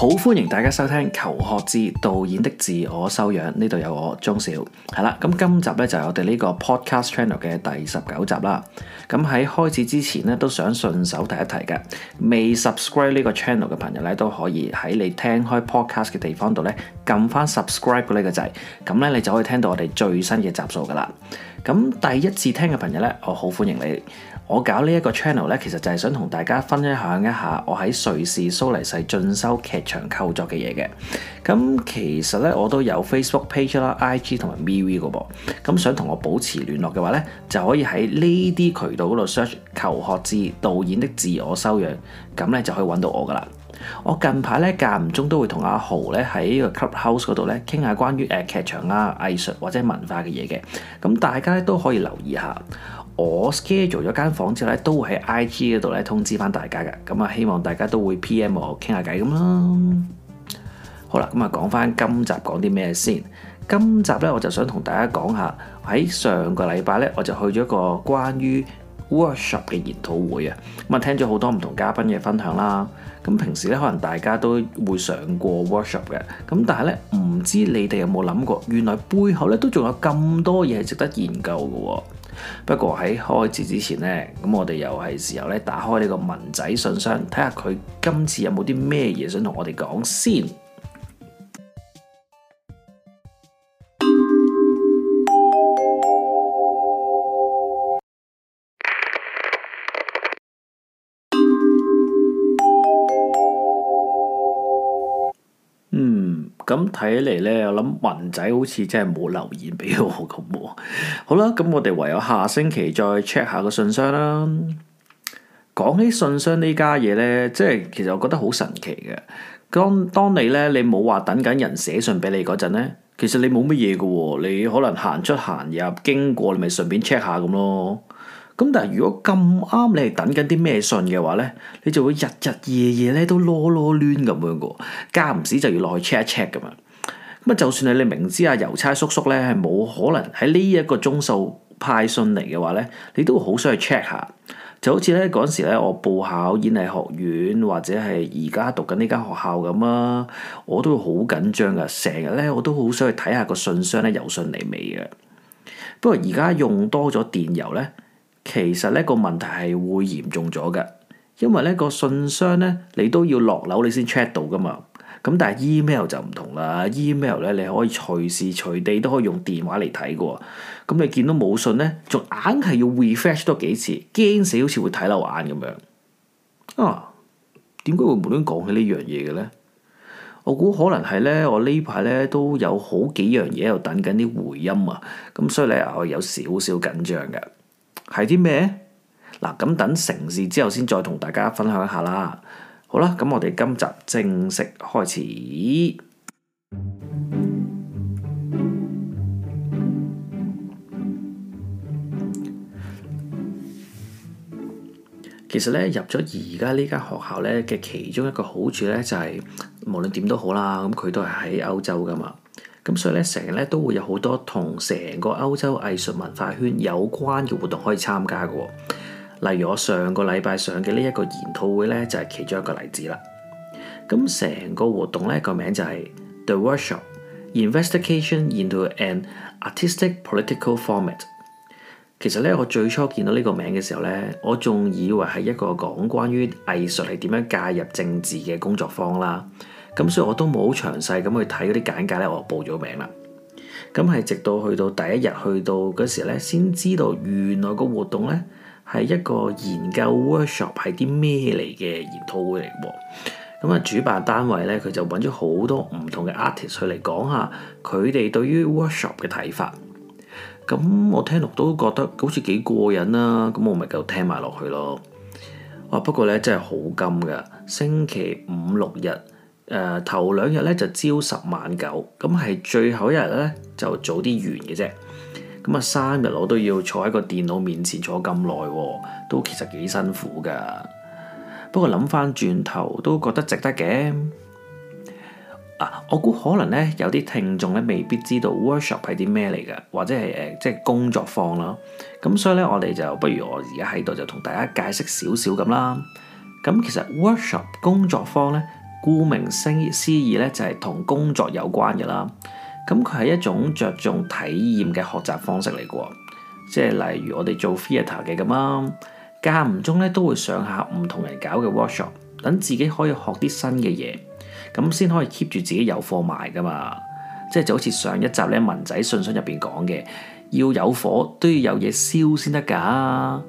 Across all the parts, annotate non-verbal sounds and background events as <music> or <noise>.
好，歡迎大家收聽《求學志》導演的自我修養，呢度有我鍾少。係啦，咁今集呢，就係、是、我哋呢個 Podcast Channel 嘅第十九集啦。咁喺開始之前呢，都想順手提一提嘅，未 subscribe 呢個 channel 嘅朋友呢，都可以喺你聽開 Podcast 嘅地方度呢，撳翻 subscribe 呢個掣，咁呢，你就可以聽到我哋最新嘅集數噶啦。咁第一次聽嘅朋友呢，我好歡迎你。我搞頻道呢一個 channel 咧，其實就係想同大家分享一下我喺瑞士蘇黎世進修劇場構作嘅嘢嘅。咁、嗯、其實咧，我都有 Facebook page 啦、IG 同埋 m i v 嘅噃。咁、嗯、想同我保持聯絡嘅話咧，就可以喺呢啲渠道嗰度 search 求學之導演的自我修養，咁咧就可以揾到我噶啦。我近排咧間唔中都會同阿豪咧喺個 Clubhouse 嗰度咧傾下關於誒、呃、劇場啊、藝術或者文化嘅嘢嘅。咁、嗯、大家咧都可以留意下。我 schedule 咗間房之後咧，都會喺 IG 嗰度咧通知翻大家嘅。咁啊，希望大家都會 PM 我傾下偈咁啦。好啦，咁啊，講翻今集講啲咩先？今集咧，我就想同大家講下喺上個禮拜咧，我就去咗一個關於 workshop 嘅研討會啊。咁啊，聽咗好多唔同嘉賓嘅分享啦。咁平時咧，可能大家都會上過 workshop 嘅。咁但係咧，唔知你哋有冇諗過，原來背後咧都仲有咁多嘢係值得研究嘅喎。不過喺開始之前呢，咁我哋又係時候呢打開呢個文仔信箱，睇下佢今次有冇啲咩嘢想同我哋講先。咁睇嚟咧，我諗文仔好似真係冇留言俾我咁喎。 <laughs> 好啦，咁我哋唯有下星期再 check 下個信箱啦。講起信箱呢家嘢咧，即係其實我覺得好神奇嘅。當當你咧，你冇話等緊人寫信俾你嗰陣咧，其實你冇乜嘢嘅喎。你可能行出行入經過，你咪順便 check 下咁咯。咁但係，如果咁啱你係等緊啲咩信嘅話呢，你就會日日夜夜咧都囉囉攣咁樣㗎，間唔時就要落去 check 一 check 咁啊。咁啊，就算係你明知啊郵差叔叔呢係冇可能喺呢一個鐘數派信嚟嘅話呢，你都好想去 check 下。就好似呢嗰陣時咧，我報考演藝學院或者係而家讀緊呢間學校咁啊，我都會好緊張㗎，成日呢，我都好想去睇下個信箱呢，有信嚟未嘅。不過而家用多咗電郵呢。其實呢個問題係會嚴重咗嘅，因為呢個信箱呢，你都要落樓你先 check 到噶嘛。咁但係 email 就唔同啦，email 呢你可以隨時隨地都可以用電話嚟睇嘅喎。咁你見到冇信呢，仲硬係要 refresh 多幾次，驚死好似會睇漏眼咁樣啊。啊，點解會無端端講起呢樣嘢嘅呢？我估可能係呢，我呢排呢都有好幾樣嘢喺度等緊啲回音啊，咁所以呢我有少少緊張嘅。係啲咩？嗱，咁等成事之後先再同大家分享一下啦。好啦，咁我哋今集正式開始。其實呢，入咗而家呢間學校呢嘅其中一個好處呢，就係，就係無論點都好啦，咁佢都係喺歐洲噶嘛。咁所以咧，成日咧都會有好多同成個歐洲藝術文化圈有關嘅活動可以參加嘅。例如我上個禮拜上嘅呢一個研討會咧，就係其中一個例子啦。咁成個活動咧，個名就係 The Workshop Investigation into an Artistic Political Format。其實咧，我最初見到呢個名嘅時候咧，我仲以為係一個講關於藝術係點樣介入政治嘅工作坊啦。咁所以我都冇好詳細咁去睇嗰啲簡介呢。我就報咗名啦。咁係直到去到第一日，去到嗰時呢，先知道原來個活動呢係一個研究 workshop 係啲咩嚟嘅研討會嚟喎。咁啊，主辦單位呢，佢就揾咗好多唔同嘅 artist 去嚟講下佢哋對於 workshop 嘅睇法。咁我聽落都覺得好似幾過癮啦。咁我咪繼續聽埋落去咯。哇！不過呢，真係好金㗎，星期五六日。誒、呃、頭兩日咧就朝十晚九，咁係最後一日咧就早啲完嘅啫。咁啊，三日我都要坐喺個電腦面前坐咁耐喎，都其實幾辛苦噶。不過諗翻轉頭都覺得值得嘅、啊。我估可能咧有啲聽眾咧未必知道 workshop 係啲咩嚟噶，或者係誒、呃、即係工作坊咯。咁所以咧我哋就不如我而家喺度就同大家解釋少少咁啦。咁其實 workshop 工作坊呢。顧名思義咧，就係同工作有關嘅啦。咁佢係一種着重體驗嘅學習方式嚟嘅，即係例如我哋做 theater 嘅咁啦，間唔中咧都會上下唔同人搞嘅 workshop，等自己可以學啲新嘅嘢，咁先可以 keep 住自己有貨賣噶嘛。即係就好似上一集咧，文仔信箱入邊講嘅，要有火都要有嘢燒先得㗎。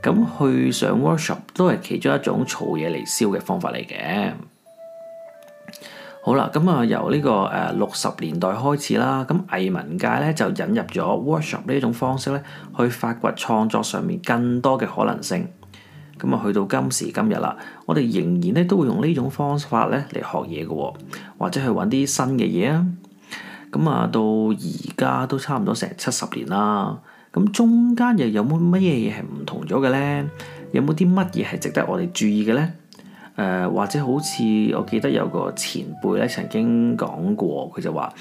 咁去上 workshop 都係其中一種嘈嘢嚟燒嘅方法嚟嘅。好啦，咁啊，由呢個誒六十年代開始啦，咁藝文界咧就引入咗 workshop 呢一種方式咧，去發掘創作上面更多嘅可能性。咁啊，去到今時今日啦，我哋仍然咧都會用呢種方法咧嚟學嘢嘅，或者去搵啲新嘅嘢啊。咁啊，到而家都差唔多成七十年啦。咁中間又有冇乜嘢嘢係唔同咗嘅咧？有冇啲乜嘢係值得我哋注意嘅咧？誒、呃、或者好似我記得有個前輩咧曾經講過，佢就話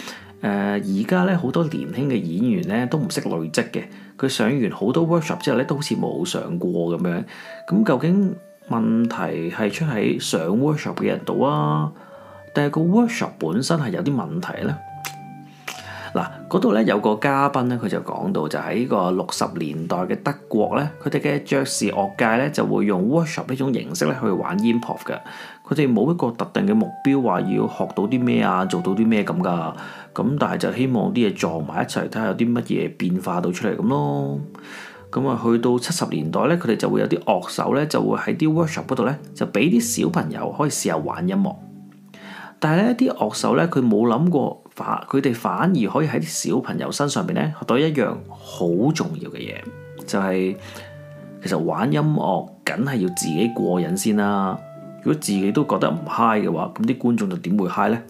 誒而家咧好多年輕嘅演員咧都唔識累積嘅，佢上完好多 workshop 之後咧都好似冇上過咁樣。咁究竟問題係出喺上 workshop 嘅人度啊，定係個 workshop 本身係有啲問題咧？嗰度咧有個嘉賓咧，佢就講到就喺呢個六十年代嘅德國咧，佢哋嘅爵士樂界咧就會用 workshop 呢種形式咧去玩 improv 嘅，佢哋冇一個特定嘅目標話要學到啲咩啊，做到啲咩咁噶，咁但係就希望啲嘢撞埋一齊，睇下有啲乜嘢變化到出嚟咁咯。咁啊，去到七十年代咧，佢哋就會有啲樂手咧就會喺啲 workshop 度咧就俾啲小朋友可以試下玩音樂，但係咧啲樂手咧佢冇諗過。佢哋反而可以喺啲小朋友身上邊咧學到一樣好重要嘅嘢，就係、是、其實玩音樂梗係要自己過癮先啦。如果自己都覺得唔 high 嘅話，咁啲觀眾就點會 high 咧？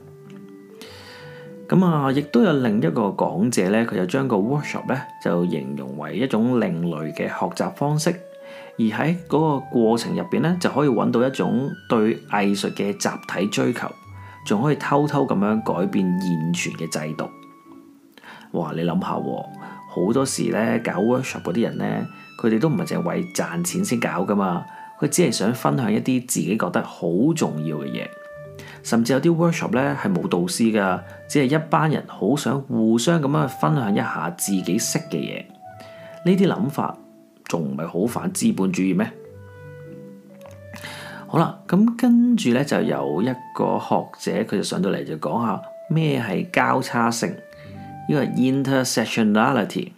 咁啊，亦都有另一個講者咧，佢就將個 workshop 咧就形容為一種另類嘅學習方式，而喺嗰個過程入邊咧就可以揾到一種對藝術嘅集體追求。仲可以偷偷咁樣改變現存嘅制度。哇！你諗下喎，好多時咧搞 workshop 嗰啲人咧，佢哋都唔係淨係為賺錢先搞噶嘛佢只係想分享一啲自己覺得好重要嘅嘢，甚至有啲 workshop 咧係冇導師噶只係一班人好想互相咁樣去分享一下自己識嘅嘢，呢啲諗法仲唔係好反資本主義咩？好啦，咁跟住咧就有一個學者佢就上到嚟就講下咩係交叉性，呢個 intersectionality，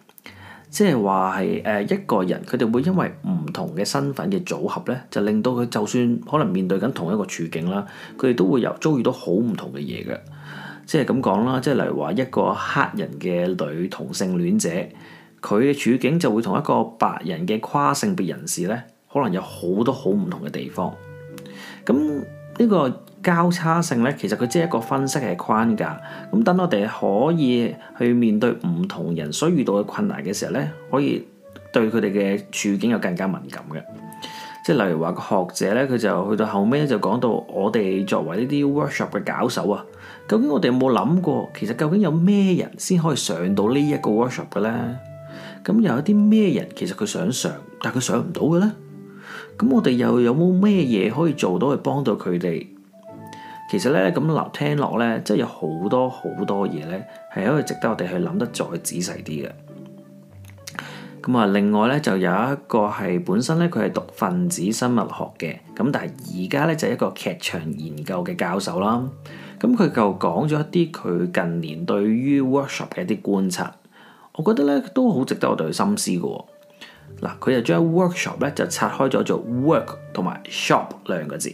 即係話係誒一個人佢哋會因為唔同嘅身份嘅組合咧，就令到佢就算可能面對緊同一個處境啦，佢哋都會有遭遇到好唔同嘅嘢嘅。即係咁講啦，即係例如話一個黑人嘅女同性戀者，佢嘅處境就會同一個白人嘅跨性別人士咧，可能有好多好唔同嘅地方。咁呢個交叉性呢，其實佢只係一個分析嘅框架。咁等我哋可以去面對唔同人所遇到嘅困難嘅時候呢，可以對佢哋嘅處境有更加敏感嘅。即係例如話個學者呢，佢就去到後尾就講到我哋作為呢啲 workshop 嘅搞手啊，究竟我哋有冇諗過，其實究竟有咩人先可以上到呢一個 workshop 嘅呢？咁又有啲咩人其實佢想上，但係佢上唔到嘅呢？咁我哋又有冇咩嘢可以做到去幫到佢哋？其實呢，咁嗱，聽落呢，真係有好多好多嘢呢，係可以值得我哋去諗得再仔細啲嘅。咁啊，另外呢，就有一個係本身呢，佢係讀分子生物學嘅，咁但係而家呢，就一個劇場研究嘅教授啦。咁佢就講咗一啲佢近年對於 workshop 嘅一啲觀察，我覺得呢，都好值得我哋去深思嘅喎。嗱，佢又將 workshop 咧就拆開咗做 work 同埋 shop 兩個字，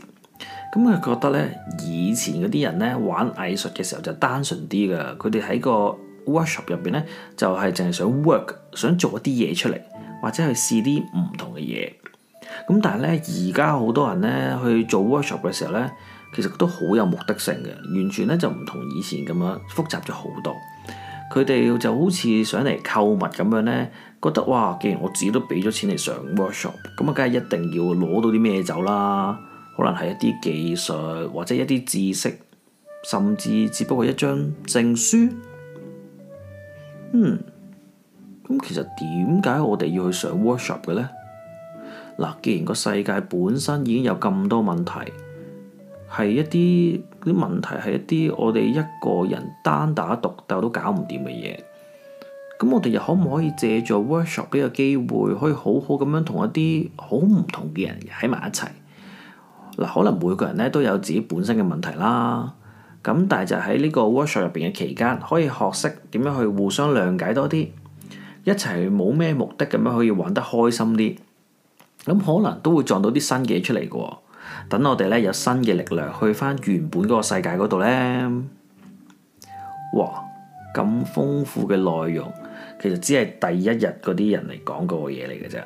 咁佢覺得咧以前嗰啲人咧玩藝術嘅時候就單純啲㗎，佢哋喺個 workshop 入邊咧就係淨係想 work，想做一啲嘢出嚟，或者去試啲唔同嘅嘢。咁但係咧而家好多人咧去做 workshop 嘅時候咧，其實都好有目的性嘅，完全咧就唔同以前咁樣複雜咗好多。佢哋就好似上嚟購物咁樣呢，覺得哇！既然我自己都俾咗錢嚟上 workshop，咁啊，梗係一定要攞到啲咩走啦？可能係一啲技術，或者一啲知識，甚至只不過一張證書。嗯，咁其實點解我哋要去上 workshop 嘅呢？嗱，既然個世界本身已經有咁多問題，係一啲。啲問題係一啲我哋一個人單打獨鬥都搞唔掂嘅嘢，咁我哋又可唔可以借助 workshop 呢個機會，可以好好咁樣同一啲好唔同嘅人喺埋一齊？嗱，可能每個人咧都有自己本身嘅問題啦，咁但係就喺呢個 workshop 入邊嘅期間，可以學識點樣去互相諒解多啲，一齊冇咩目的咁樣可以玩得開心啲，咁可能都會撞到啲新嘅嘢出嚟嘅喎。等我哋咧有新嘅力量去翻原本嗰個世界嗰度呢。哇！咁豐富嘅內容，其實只係第一日嗰啲人嚟講嗰個嘢嚟嘅啫。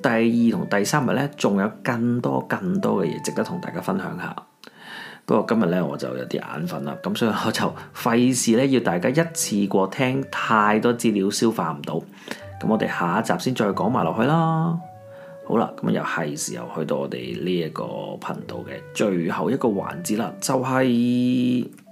第二同第三日呢，仲有更多更多嘅嘢值得同大家分享下。不過今日呢，我就有啲眼瞓啦，咁所以我就費事呢要大家一次過聽太多資料消化唔到，咁我哋下一集先再講埋落去啦。好啦，咁又係時候去到我哋呢一個頻道嘅最後一個環節啦，就係、是。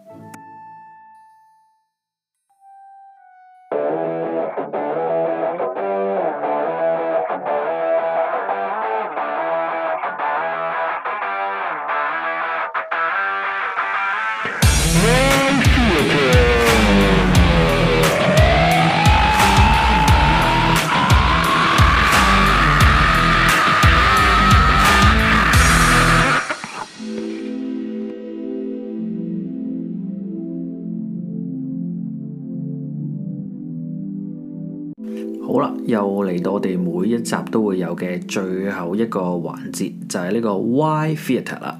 嚟到我哋每一集都會有嘅最後一個環節，就係呢個 Why Theatre 啦。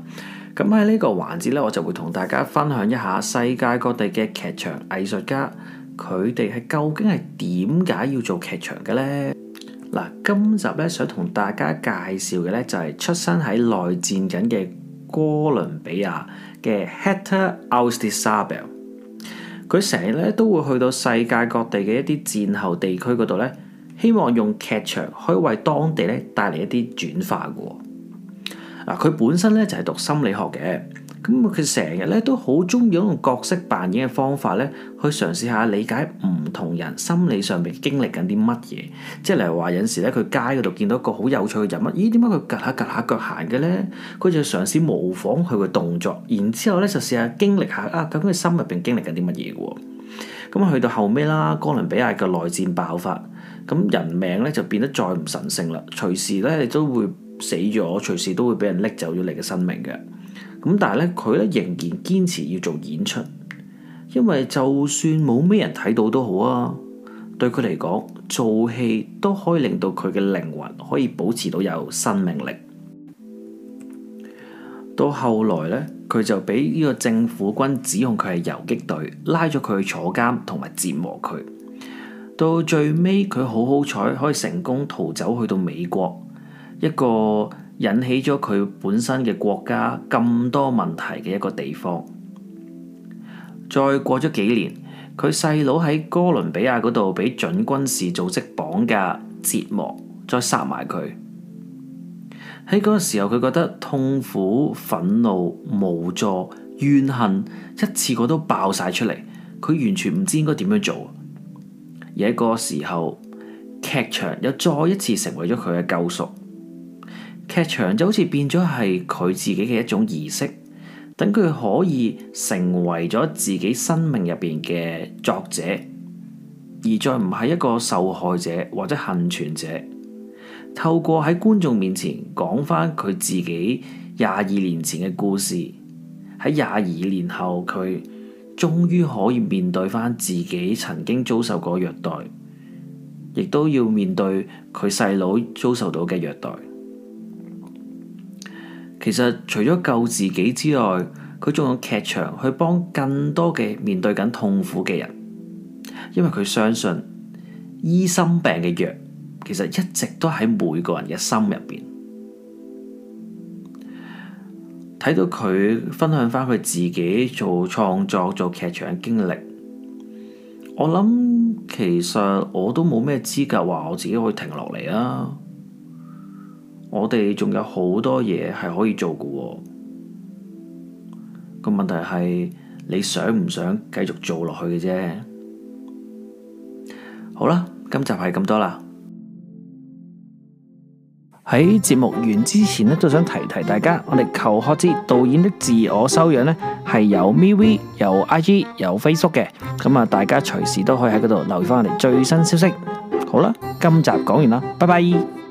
咁喺呢個環節呢，我就會同大家分享一下世界各地嘅劇場藝術家，佢哋係究竟係點解要做劇場嘅呢？嗱，今集呢，想同大家介紹嘅呢，就係出生喺內戰緊嘅哥倫比亞嘅 Hector Ostisabel。佢成日呢，都會去到世界各地嘅一啲戰後地區嗰度呢。希望用劇場可以為當地咧帶嚟一啲轉化嘅嗱。佢本身咧就係讀心理學嘅，咁佢成日咧都好中意用角色扮演嘅方法咧去嘗試下理解唔同人心理上面經歷緊啲乜嘢，即係例如話有時咧佢街嗰度見到一個好有趣嘅人物，咦點解佢隔下隔下腳行嘅咧？佢就嘗試模仿佢嘅動作，然之後咧就試下經歷下啊，究竟佢心入邊經歷緊啲乜嘢嘅喎？咁去到後尾啦，哥倫比亞嘅內戰爆發。咁人命咧就變得再唔神聖啦，隨時咧你都會死咗，隨時都會俾人拎走咗你嘅生命嘅。咁但係咧，佢咧仍然堅持要做演出，因為就算冇咩人睇到都好啊，對佢嚟講，做戲都可以令到佢嘅靈魂可以保持到有生命力。到後來咧，佢就俾呢個政府軍指控佢係遊擊隊，拉咗佢去坐監同埋折磨佢。到最尾，佢好好彩可以成功逃走去到美國，一個引起咗佢本身嘅國家咁多問題嘅一個地方。再過咗幾年，佢細佬喺哥倫比亞嗰度俾準軍事組織綁架、折磨、再殺埋佢。喺嗰個時候，佢覺得痛苦、憤怒、無助、怨恨，一次過都爆晒出嚟。佢完全唔知應該點樣做。而一個時候，劇場又再一次成為咗佢嘅救贖，劇場就好似變咗係佢自己嘅一種儀式，等佢可以成為咗自己生命入邊嘅作者，而再唔係一個受害者或者倖存者，透過喺觀眾面前講翻佢自己廿二年前嘅故事，喺廿二年後佢。終於可以面對翻自己曾經遭受過虐待，亦都要面對佢細佬遭受到嘅虐待。其實除咗救自己之外，佢仲有劇場去幫更多嘅面對緊痛苦嘅人，因為佢相信醫生病嘅藥，其實一直都喺每個人嘅心入邊。睇到佢分享返佢自己做創作、做劇場嘅經歷，我諗其實我都冇咩資格話我自己可以停落嚟啊！我哋仲有好多嘢係可以做嘅喎。哦，個問題係你想唔想繼續做落去嘅啫。好啦，今集係咁多啦。喺節目完之前咧，都想提提大家，我哋求學之導演的自我修養咧，係有 MeWe、有 IG、有 Facebook 嘅，咁啊，大家隨時都可以喺嗰度留意返我哋最新消息。好啦，今集講完啦，拜拜。